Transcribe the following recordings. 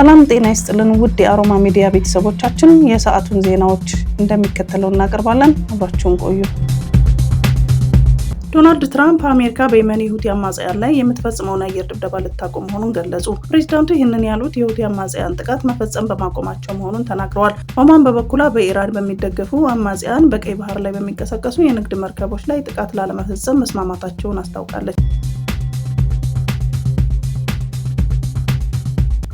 ሰላም ጤና ይስጥልን ውድ የአሮማ ሚዲያ ቤተሰቦቻችን፣ የሰዓቱን ዜናዎች እንደሚከተለው እናቀርባለን። አብራችሁን ቆዩ። ዶናልድ ትራምፕ አሜሪካ በየመን የሁቲ አማጽያን ላይ የምትፈጽመውን አየር ድብደባ ልታቆም መሆኑን ገለጹ። ፕሬዚዳንቱ ይህንን ያሉት የሁቲ አማጽያን ጥቃት መፈጸም በማቆማቸው መሆኑን ተናግረዋል። ኦማን በበኩላ በኢራን በሚደገፉ አማጽያን በቀይ ባህር ላይ በሚንቀሳቀሱ የንግድ መርከቦች ላይ ጥቃት ላለመፈጸም መስማማታቸውን አስታውቃለች።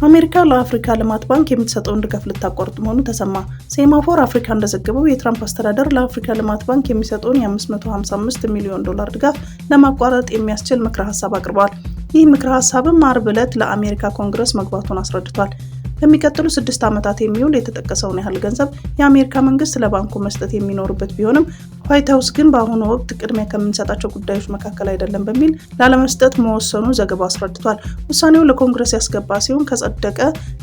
አሜሪካ ለአፍሪካ ልማት ባንክ የምትሰጠውን ድጋፍ ልታቋርጥ መሆኑ ተሰማ። ሴማፎር አፍሪካ እንደዘገበው የትራምፕ አስተዳደር ለአፍሪካ ልማት ባንክ የሚሰጠውን የ555 ሚሊዮን ዶላር ድጋፍ ለማቋረጥ የሚያስችል ምክረ ሀሳብ አቅርበዋል። ይህ ምክረ ሀሳብም አርብ ዕለት ለአሜሪካ ኮንግረስ መግባቱን አስረድቷል። ለሚቀጥሉ ስድስት ዓመታት የሚውል የተጠቀሰውን ያህል ገንዘብ የአሜሪካ መንግስት ለባንኩ መስጠት የሚኖርበት ቢሆንም ዋይት ሀውስ ግን በአሁኑ ወቅት ቅድሚያ ከምንሰጣቸው ጉዳዮች መካከል አይደለም በሚል ላለመስጠት መወሰኑ ዘገባው አስረድቷል። ውሳኔው ለኮንግረስ ያስገባ ሲሆን ከጸደቀ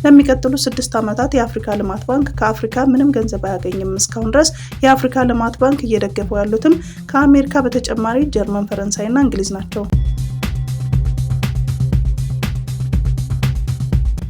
ለሚቀጥሉ ስድስት ዓመታት የአፍሪካ ልማት ባንክ ከአፍሪካ ምንም ገንዘብ አያገኝም። እስካሁን ድረስ የአፍሪካ ልማት ባንክ እየደገፈው ያሉትም ከአሜሪካ በተጨማሪ ጀርመን፣ ፈረንሳይ ና እንግሊዝ ናቸው።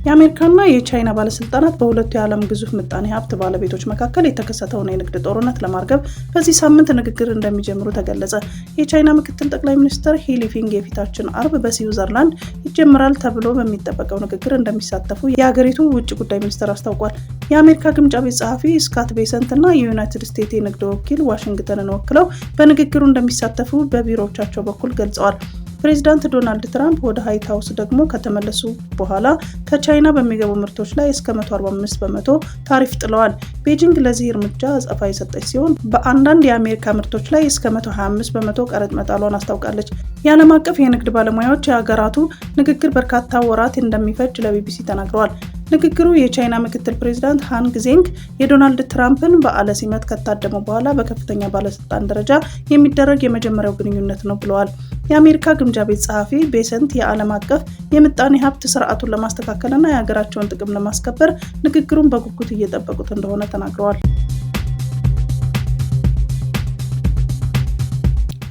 የአሜሪካና የቻይና ባለስልጣናት በሁለቱ የዓለም ግዙፍ ምጣኔ ሀብት ባለቤቶች መካከል የተከሰተውን የንግድ ጦርነት ለማርገብ በዚህ ሳምንት ንግግር እንደሚጀምሩ ተገለጸ። የቻይና ምክትል ጠቅላይ ሚኒስትር ሂሊፊንግ የፊታችን አርብ በስዊዘርላንድ ይጀምራል ተብሎ በሚጠበቀው ንግግር እንደሚሳተፉ የሀገሪቱ ውጭ ጉዳይ ሚኒስትር አስታውቋል። የአሜሪካ ግምጃ ቤት ጸሐፊ ስካት ቤሰንት እና የዩናይትድ ስቴትስ የንግድ ወኪል ዋሽንግተንን ወክለው በንግግሩ እንደሚሳተፉ በቢሮዎቻቸው በኩል ገልጸዋል። ፕሬዚዳንት ዶናልድ ትራምፕ ወደ ሀይት ሀውስ ደግሞ ከተመለሱ በኋላ ከቻይና በሚገቡ ምርቶች ላይ እስከ 145 በመቶ ታሪፍ ጥለዋል። ቤጂንግ ለዚህ እርምጃ አጸፋ የሰጠች ሲሆን በአንዳንድ የአሜሪካ ምርቶች ላይ እስከ 125 በመቶ ቀረጥ መጣሏን አስታውቃለች። የዓለም አቀፍ የንግድ ባለሙያዎች የሀገራቱ ንግግር በርካታ ወራት እንደሚፈጅ ለቢቢሲ ተናግረዋል። ንግግሩ የቻይና ምክትል ፕሬዚዳንት ሃንግ ዜንግ የዶናልድ ትራምፕን በዓለ ሲመት ከታደመ በኋላ በከፍተኛ ባለስልጣን ደረጃ የሚደረግ የመጀመሪያው ግንኙነት ነው ብለዋል። የአሜሪካ ግምጃ ቤት ጸሐፊ ቤሰንት የዓለም አቀፍ የምጣኔ ሀብት ስርዓቱን ለማስተካከልና የሀገራቸውን ጥቅም ለማስከበር ንግግሩን በጉጉት እየጠበቁት እንደሆነ ተናግረዋል።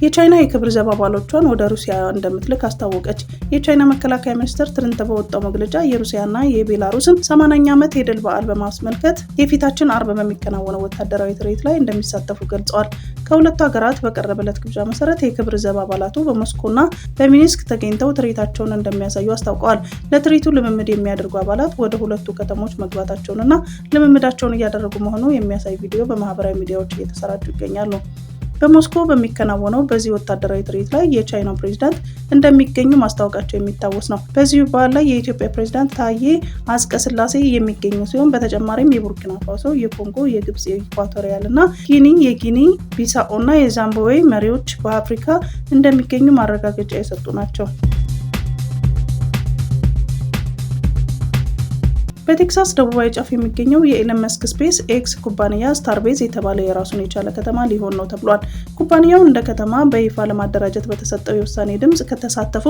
የቻይና የክብር ዘብ አባሎቿን ወደ ሩሲያ እንደምትልክ አስታወቀች። የቻይና መከላከያ ሚኒስቴር ትርንት በወጣው መግለጫ የሩሲያና የቤላሩስን 80ኛ ዓመት የድል በዓል በማስመልከት የፊታችን አርብ በሚከናወነው ወታደራዊ ትርኢት ላይ እንደሚሳተፉ ገልጸዋል። ከሁለቱ ሀገራት በቀረበለት ግብዣ መሰረት የክብር ዘብ አባላቱ በሞስኮና በሚኒስክ ተገኝተው ትርኢታቸውን እንደሚያሳዩ አስታውቀዋል። ለትርኢቱ ልምምድ የሚያደርጉ አባላት ወደ ሁለቱ ከተሞች መግባታቸውንና ልምምዳቸውን እያደረጉ መሆኑ የሚያሳይ ቪዲዮ በማህበራዊ ሚዲያዎች እየተሰራጩ ይገኛሉ። በሞስኮ በሚከናወነው በዚህ ወታደራዊ ትርኢት ላይ የቻይናው ፕሬዚዳንት እንደሚገኙ ማስታወቃቸው የሚታወስ ነው። በዚሁ በዓል ላይ የኢትዮጵያ ፕሬዚዳንት ታዬ አጽቀሥላሴ የሚገኙ ሲሆን በተጨማሪም የቡርኪና ፋሶ፣ የኮንጎ፣ የግብፅ፣ የኢኳቶሪያል እና ጊኒ የጊኒ ቢሳኦ እና የዛምባብዌ መሪዎች በአፍሪካ እንደሚገኙ ማረጋገጫ የሰጡ ናቸው። በቴክሳስ ደቡባዊ ጫፍ የሚገኘው የኤለን መስክ ስፔስ ኤክስ ኩባንያ ስታርቤዝ የተባለ የራሱን የቻለ ከተማ ሊሆን ነው ተብሏል። ኩባንያው እንደ ከተማ በይፋ ለማደራጀት በተሰጠው የውሳኔ ድምፅ ከተሳተፉ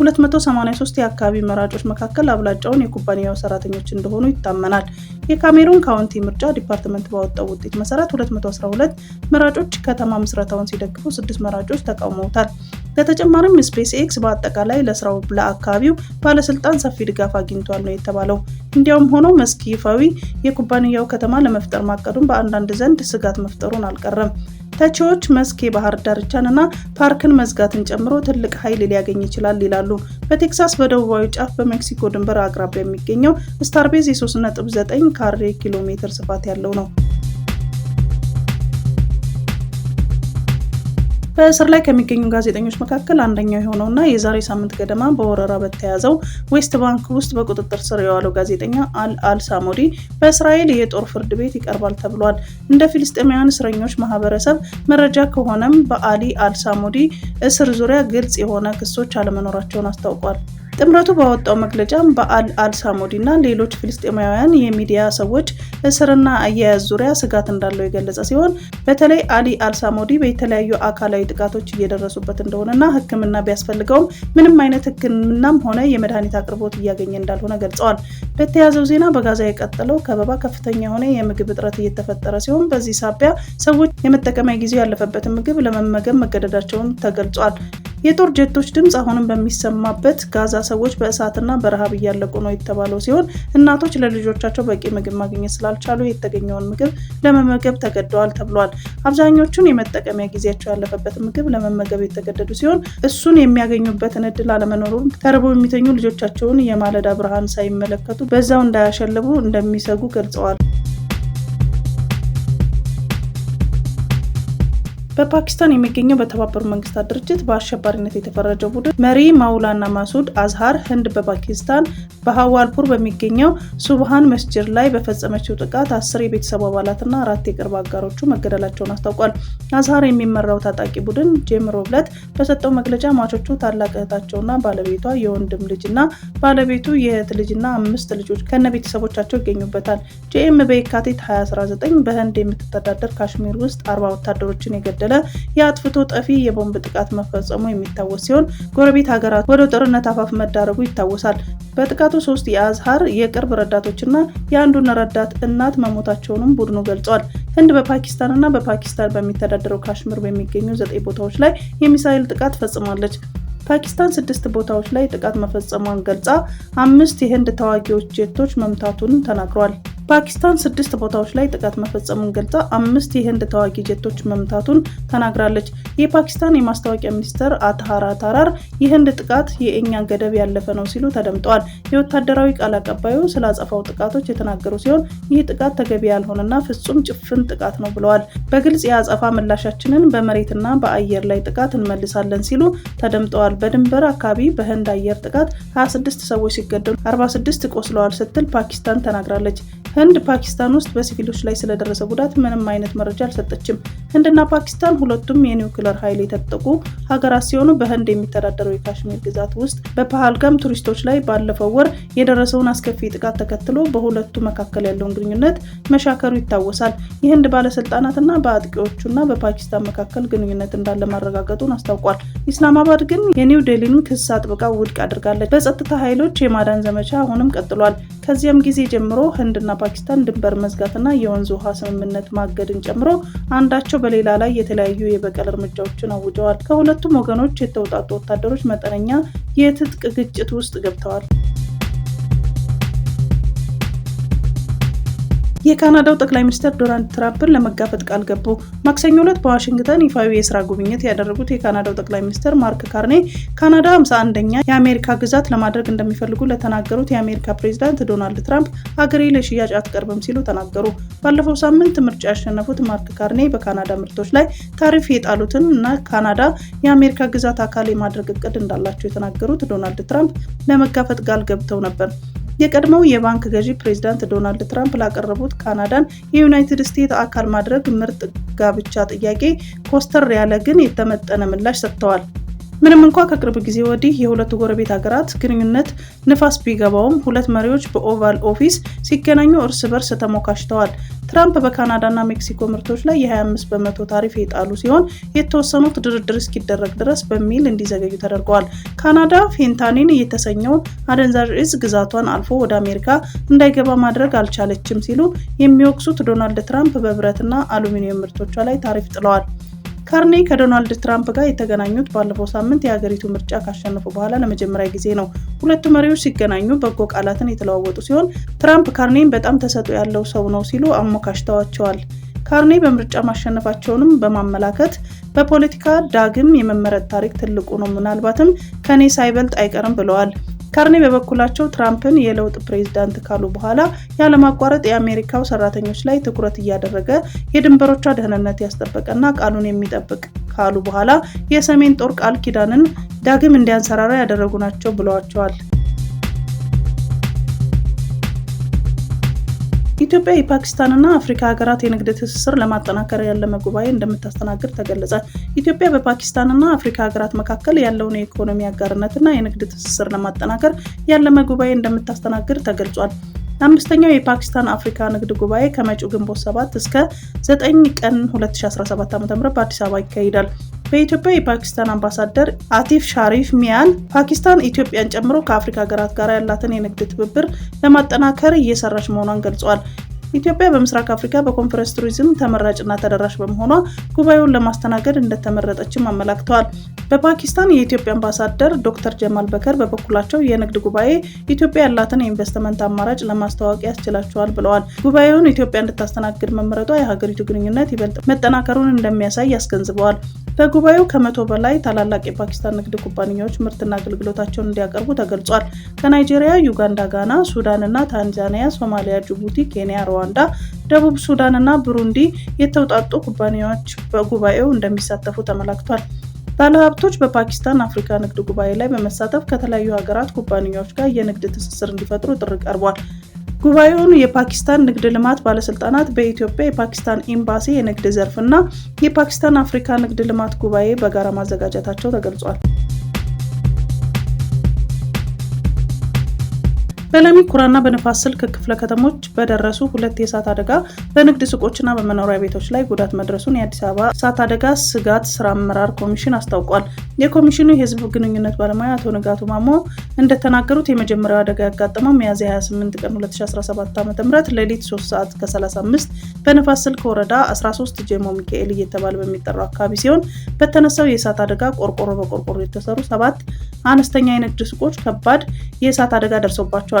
283 የአካባቢ መራጮች መካከል አብላጫውን የኩባንያው ሰራተኞች እንደሆኑ ይታመናል። የካሜሩን ካውንቲ ምርጫ ዲፓርትመንት ባወጣው ውጤት መሰረት 212 መራጮች ከተማ ምስረታውን ሲደግፉ፣ ስድስት መራጮች ተቃውመውታል። በተጨማሪም ስፔስ ኤክስ በአጠቃላይ ለስራው ለአካባቢው ባለስልጣን ሰፊ ድጋፍ አግኝቷል ነው የተባለው። እንዲያውም ሆኖ መስክ ይፋዊ የኩባንያው ከተማ ለመፍጠር ማቀዱን በአንዳንድ ዘንድ ስጋት መፍጠሩን አልቀረም። ተቺዎች መስክ የባህር ዳርቻን እና ፓርክን መዝጋትን ጨምሮ ትልቅ ኃይል ሊያገኝ ይችላል ይላሉ። በቴክሳስ በደቡባዊ ጫፍ በሜክሲኮ ድንበር አቅራቢያ የሚገኘው ስታርቤዝ የ3.9 ካሬ ኪሎ ሜትር ስፋት ያለው ነው። በእስር ላይ ከሚገኙ ጋዜጠኞች መካከል አንደኛው የሆነው እና የዛሬ ሳምንት ገደማ በወረራ በተያዘው ዌስት ባንክ ውስጥ በቁጥጥር ስር የዋለው ጋዜጠኛ አል አልሳሞዲ በእስራኤል የጦር ፍርድ ቤት ይቀርባል ተብሏል። እንደ ፊልስጤማውያን እስረኞች ማህበረሰብ መረጃ ከሆነም በአሊ አልሳሞዲ እስር ዙሪያ ግልጽ የሆነ ክሶች አለመኖራቸውን አስታውቋል። ጥምረቱ ባወጣው መግለጫም በአል አልሳሞዲ እና ሌሎች ፍልስጤማውያን የሚዲያ ሰዎች እስርና አያያዝ ዙሪያ ስጋት እንዳለው የገለጸ ሲሆን በተለይ አሊ አልሳሞዲ በተለያዩ አካላዊ ጥቃቶች እየደረሱበት እንደሆነና ሕክምና ቢያስፈልገውም ምንም አይነት ሕክምናም ሆነ የመድኃኒት አቅርቦት እያገኘ እንዳልሆነ ገልጸዋል። በተያዘው ዜና በጋዛ የቀጠለው ከበባ ከፍተኛ የሆነ የምግብ እጥረት እየተፈጠረ ሲሆን በዚህ ሳቢያ ሰዎች የመጠቀሚያ ጊዜው ያለፈበትን ምግብ ለመመገብ መገደዳቸውን ተገልጿል። የጦር ጀቶች ድምፅ አሁንም በሚሰማበት ጋዛ ሰዎች በእሳትና በረሃብ እያለቁ ነው የተባለው ሲሆን እናቶች ለልጆቻቸው በቂ ምግብ ማግኘት ስላልቻሉ የተገኘውን ምግብ ለመመገብ ተገደዋል ተብሏል። አብዛኞቹን የመጠቀሚያ ጊዜያቸው ያለፈበት ምግብ ለመመገብ የተገደዱ ሲሆን እሱን የሚያገኙበትን እድል አለመኖሩም ተርበው የሚተኙ ልጆቻቸውን የማለዳ ብርሃን ሳይመለከቱ በዛው እንዳያሸልቡ እንደሚሰጉ ገልጸዋል። በፓኪስታን የሚገኘው በተባበሩ መንግስታት ድርጅት በአሸባሪነት የተፈረጀው ቡድን መሪ ማውላና ማሱድ አዝሃር ህንድ በፓኪስታን በሐዋልፑር በሚገኘው ሱብሃን መስጅድ ላይ በፈጸመችው ጥቃት አስር የቤተሰቡ አባላትና አራት የቅርብ አጋሮቹ መገደላቸውን አስታውቋል። አዝሃር የሚመራው ታጣቂ ቡድን ጄምሮ ብለት በሰጠው መግለጫ ማቾቹ ታላቅ እህታቸውና ባለቤቷ፣ የወንድም ልጅና ባለቤቱ፣ የእህት ልጅና አምስት ልጆች ከነ ቤተሰቦቻቸው ይገኙበታል። ጄኤም በየካቲት 2019 በህንድ የምትተዳደር ካሽሚር ውስጥ አርባ ወታደሮችን የገደለ የአጥፍቶ ጠፊ የቦምብ ጥቃት መፈጸሙ የሚታወስ ሲሆን ጎረቤት ሀገራት ወደ ጦርነት አፋፍ መዳረጉ ይታወሳል። በጥቃቱ ሶስት የአዝሃር የቅርብ ረዳቶችና የአንዱን ረዳት እናት መሞታቸውንም ቡድኑ ገልጿል። ህንድ በፓኪስታንና በፓኪስታን በሚተዳደረው ካሽምር በሚገኙ ዘጠኝ ቦታዎች ላይ የሚሳይል ጥቃት ፈጽማለች። ፓኪስታን ስድስት ቦታዎች ላይ ጥቃት መፈጸሟን ገልጻ አምስት የህንድ ተዋጊዎች ጄቶች መምታቱን ተናግሯል። ፓኪስታን ስድስት ቦታዎች ላይ ጥቃት መፈጸሙን ገልጻ አምስት የህንድ ተዋጊ ጀቶች መምታቱን ተናግራለች። የፓኪስታን የማስታወቂያ ሚኒስትር አትሃራ ታራር የህንድ ጥቃት የእኛ ገደብ ያለፈ ነው ሲሉ ተደምጠዋል። የወታደራዊ ቃል አቀባዩ ስለ አጸፋው ጥቃቶች የተናገሩ ሲሆን ይህ ጥቃት ተገቢ ያልሆነና ፍጹም ጭፍን ጥቃት ነው ብለዋል። በግልጽ የአጸፋ ምላሻችንን በመሬትና በአየር ላይ ጥቃት እንመልሳለን ሲሉ ተደምጠዋል። በድንበር አካባቢ በህንድ አየር ጥቃት 26 ሰዎች ሲገደሉ 46 ቆስለዋል ስትል ፓኪስታን ተናግራለች። ህንድ ፓኪስታን ውስጥ በሲቪሎች ላይ ስለደረሰ ጉዳት ምንም አይነት መረጃ አልሰጠችም። ህንድና ፓኪስታን ሁለቱም የኒውክለር ኃይል የተጠቁ ሀገራት ሲሆኑ በህንድ የሚተዳደረው የካሽሚር ግዛት ውስጥ በፓሃልጋም ቱሪስቶች ላይ ባለፈው ወር የደረሰውን አስከፊ ጥቃት ተከትሎ በሁለቱ መካከል ያለውን ግንኙነት መሻከሩ ይታወሳል። የህንድ ባለስልጣናትና በአጥቂዎቹና በፓኪስታን መካከል ግንኙነት እንዳለ ማረጋገጡን አስታውቋል። ኢስላማባድ ግን የኒው ዴሊን ክስ አጥብቃ ውድቅ አድርጋለች። በጸጥታ ኃይሎች የማዳን ዘመቻ አሁንም ቀጥሏል። ከዚያም ጊዜ ጀምሮ ህንድና ፓኪስታን ድንበር መዝጋትና የወንዝ ውሃ ስምምነት ማገድን ጨምሮ አንዳቸው በሌላ ላይ የተለያዩ የበቀል እርምጃዎችን አውጀዋል። ከሁለቱም ወገኖች የተውጣጡ ወታደሮች መጠነኛ የትጥቅ ግጭት ውስጥ ገብተዋል። የካናዳው ጠቅላይ ሚኒስትር ዶናልድ ትራምፕን ለመጋፈጥ ቃል ገቡ። ማክሰኞ ዕለት በዋሽንግተን ይፋዊ የስራ ጉብኝት ያደረጉት የካናዳው ጠቅላይ ሚኒስትር ማርክ ካርኔ ካናዳ 51ኛ የአሜሪካ ግዛት ለማድረግ እንደሚፈልጉ ለተናገሩት የአሜሪካ ፕሬዚዳንት ዶናልድ ትራምፕ ሀገሬ ለሽያጭ አትቀርብም ሲሉ ተናገሩ። ባለፈው ሳምንት ምርጫ ያሸነፉት ማርክ ካርኔ በካናዳ ምርቶች ላይ ታሪፍ የጣሉትን እና ካናዳ የአሜሪካ ግዛት አካል የማድረግ እቅድ እንዳላቸው የተናገሩት ዶናልድ ትራምፕ ለመጋፈጥ ቃል ገብተው ነበር። የቀድሞው የባንክ ገዢ ፕሬዚዳንት ዶናልድ ትራምፕ ላቀረቡት ካናዳን የዩናይትድ ስቴትስ አካል ማድረግ ምርጥ ጋብቻ ጥያቄ ኮስተር ያለ ግን የተመጠነ ምላሽ ሰጥተዋል። ምንም እንኳ ከቅርብ ጊዜ ወዲህ የሁለቱ ጎረቤት ሀገራት ግንኙነት ንፋስ ቢገባውም ሁለት መሪዎች በኦቫል ኦፊስ ሲገናኙ እርስ በርስ ተሞካሽተዋል። ትራምፕ በካናዳና ሜክሲኮ ምርቶች ላይ የ25 በመቶ ታሪፍ የጣሉ ሲሆን የተወሰኑት ድርድር እስኪደረግ ድረስ በሚል እንዲዘገዩ ተደርገዋል። ካናዳ ፌንታኒን የተሰኘውን አደንዛዥ እጽ ግዛቷን አልፎ ወደ አሜሪካ እንዳይገባ ማድረግ አልቻለችም ሲሉ የሚወቅሱት ዶናልድ ትራምፕ በብረትና አሉሚኒየም ምርቶቿ ላይ ታሪፍ ጥለዋል። ካርኔ ከዶናልድ ትራምፕ ጋር የተገናኙት ባለፈው ሳምንት የሀገሪቱ ምርጫ ካሸነፉ በኋላ ለመጀመሪያ ጊዜ ነው። ሁለቱ መሪዎች ሲገናኙ በጎ ቃላትን የተለዋወጡ ሲሆን ትራምፕ ካርኔን በጣም ተሰጦ ያለው ሰው ነው ሲሉ አሞካሽተዋቸዋል። ካርኔ በምርጫ ማሸነፋቸውንም በማመላከት በፖለቲካ ዳግም የመመረጥ ታሪክ ትልቁ ነው፣ ምናልባትም ከኔ ሳይበልጥ አይቀርም ብለዋል። ካርኔ በበኩላቸው ትራምፕን የለውጥ ፕሬዝዳንት ካሉ በኋላ ያለማቋረጥ የአሜሪካው ሰራተኞች ላይ ትኩረት እያደረገ የድንበሮቿ ደህንነት ያስጠበቀና ቃሉን የሚጠብቅ ካሉ በኋላ የሰሜን ጦር ቃል ኪዳንን ዳግም እንዲያንሰራራ ያደረጉ ናቸው ብለዋቸዋል። ኢትዮጵያ የፓኪስታንና አፍሪካ ሀገራት የንግድ ትስስር ለማጠናከር ያለመ ጉባኤ እንደምታስተናግድ ተገለጸ። ኢትዮጵያ በፓኪስታንና አፍሪካ ሀገራት መካከል ያለውን የኢኮኖሚ አጋርነትና የንግድ ትስስር ለማጠናከር ያለመ ጉባኤ እንደምታስተናግድ ተገልጿል። አምስተኛው የፓኪስታን አፍሪካ ንግድ ጉባኤ ከመጪው ግንቦት 7 እስከ 9 ቀን 2017 ም በአዲስ አበባ ይካሄዳል። በኢትዮጵያ የፓኪስታን አምባሳደር አቲፍ ሻሪፍ ሚያል ፓኪስታን ኢትዮጵያን ጨምሮ ከአፍሪካ ሀገራት ጋር ያላትን የንግድ ትብብር ለማጠናከር እየሰራች መሆኗን ገልጿል። ኢትዮጵያ በምስራቅ አፍሪካ በኮንፈረንስ ቱሪዝም ተመራጭና ተደራሽ በመሆኗ ጉባኤውን ለማስተናገድ እንደተመረጠችም አመላክተዋል። በፓኪስታን የኢትዮጵያ አምባሳደር ዶክተር ጀማል በከር በበኩላቸው የንግድ ጉባኤ ኢትዮጵያ ያላትን የኢንቨስትመንት አማራጭ ለማስተዋወቅ ያስችላቸዋል ብለዋል። ጉባኤውን ኢትዮጵያ እንድታስተናግድ መመረጧ የሀገሪቱ ግንኙነት ይበልጥ መጠናከሩን እንደሚያሳይ አስገንዝበዋል። በጉባኤው ከመቶ በላይ ታላላቅ የፓኪስታን ንግድ ኩባንያዎች ምርትና አገልግሎታቸውን እንዲያቀርቡ ተገልጿል። ከናይጄሪያ፣ ዩጋንዳ፣ ጋና፣ ሱዳን እና ታንዛኒያ፣ ሶማሊያ፣ ጅቡቲ፣ ኬንያ፣ ሩዋንዳ፣ ደቡብ ሱዳን እና ብሩንዲ የተውጣጡ ኩባንያዎች በጉባኤው እንደሚሳተፉ ተመላክቷል። ባለሀብቶች በፓኪስታን አፍሪካ ንግድ ጉባኤ ላይ በመሳተፍ ከተለያዩ ሀገራት ኩባንያዎች ጋር የንግድ ትስስር እንዲፈጥሩ ጥሪ ቀርቧል። ጉባኤውን የፓኪስታን ንግድ ልማት ባለስልጣናት በኢትዮጵያ የፓኪስታን ኤምባሲ የንግድ ዘርፍ የፓኪስታን አፍሪካ ንግድ ልማት ጉባኤ በጋራ ማዘጋጀታቸው ተገልጿል። በለሚ ኩራና በንፋስ ስልክ ክፍለ ከተሞች በደረሱ ሁለት የእሳት አደጋ በንግድ ሱቆችና በመኖሪያ ቤቶች ላይ ጉዳት መድረሱን የአዲስ አበባ እሳት አደጋ ስጋት ስራ አመራር ኮሚሽን አስታውቋል። የኮሚሽኑ የህዝብ ግንኙነት ባለሙያ አቶ ንጋቱ ማሞ እንደተናገሩት የመጀመሪያው አደጋ ያጋጠመው ሚያዝያ 28 ቀን 2017 ዓ ም ሌሊት 3 ሰዓት ከ35 በንፋስ ስልክ ወረዳ 13 ጄሞ ሚካኤል እየተባለ በሚጠራው አካባቢ ሲሆን በተነሳው የእሳት አደጋ ቆርቆሮ በቆርቆሮ የተሰሩ ሰባት አነስተኛ የንግድ ሱቆች ከባድ የእሳት አደጋ ደርሶባቸዋል።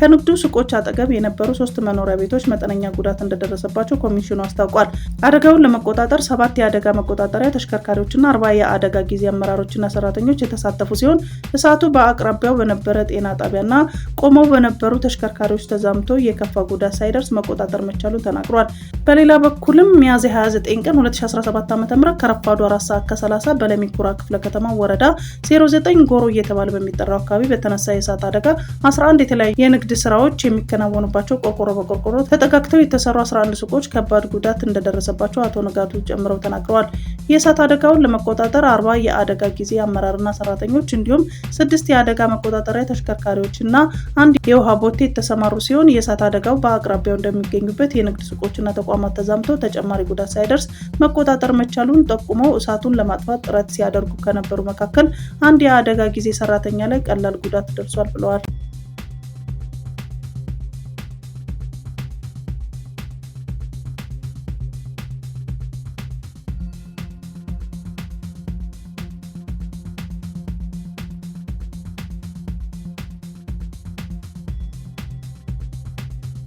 ከንግዱ ሱቆች አጠገብ የነበሩ ሶስት መኖሪያ ቤቶች መጠነኛ ጉዳት እንደደረሰባቸው ኮሚሽኑ አስታውቋል። አደጋውን ለመቆጣጠር ሰባት የአደጋ መቆጣጠሪያ ተሽከርካሪዎችና አርባ የአደጋ ጊዜ አመራሮችና ሰራተኞች የተሳተፉ ሲሆን እሳቱ በአቅራቢያው በነበረ ጤና ጣቢያና ቆመው በነበሩ ተሽከርካሪዎች ተዛምቶ የከፋ ጉዳት ሳይደርስ መቆጣጠር መቻሉን ተናግሯል። በሌላ በኩልም ሚያዝያ 29 ቀን 2017 ዓ ም ከረፋዱ አራት ሰዓት ከ30 በለሚኩራ ክፍለ ከተማ ወረዳ 09 ጎሮ እየተባለ በሚጠራው አካባቢ በተነሳ የእሳት አደጋ 11 የተለያዩ የንግድ የንግድ ስራዎች የሚከናወኑባቸው ቆርቆሮ በቆርቆሮ ተጠጋግተው የተሰሩ 11 ሱቆች ከባድ ጉዳት እንደደረሰባቸው አቶ ንጋቱ ጨምረው ተናግረዋል። የእሳት አደጋውን ለመቆጣጠር አርባ የአደጋ ጊዜ አመራርና ሰራተኞች እንዲሁም ስድስት የአደጋ መቆጣጠሪያ ተሽከርካሪዎች እና አንድ የውሃ ቦቴ የተሰማሩ ሲሆን የእሳት አደጋው በአቅራቢያው እንደሚገኙበት የንግድ ሱቆችና ተቋማት ተዛምተው ተጨማሪ ጉዳት ሳይደርስ መቆጣጠር መቻሉን ጠቁመው እሳቱን ለማጥፋት ጥረት ሲያደርጉ ከነበሩ መካከል አንድ የአደጋ ጊዜ ሰራተኛ ላይ ቀላል ጉዳት ደርሷል ብለዋል።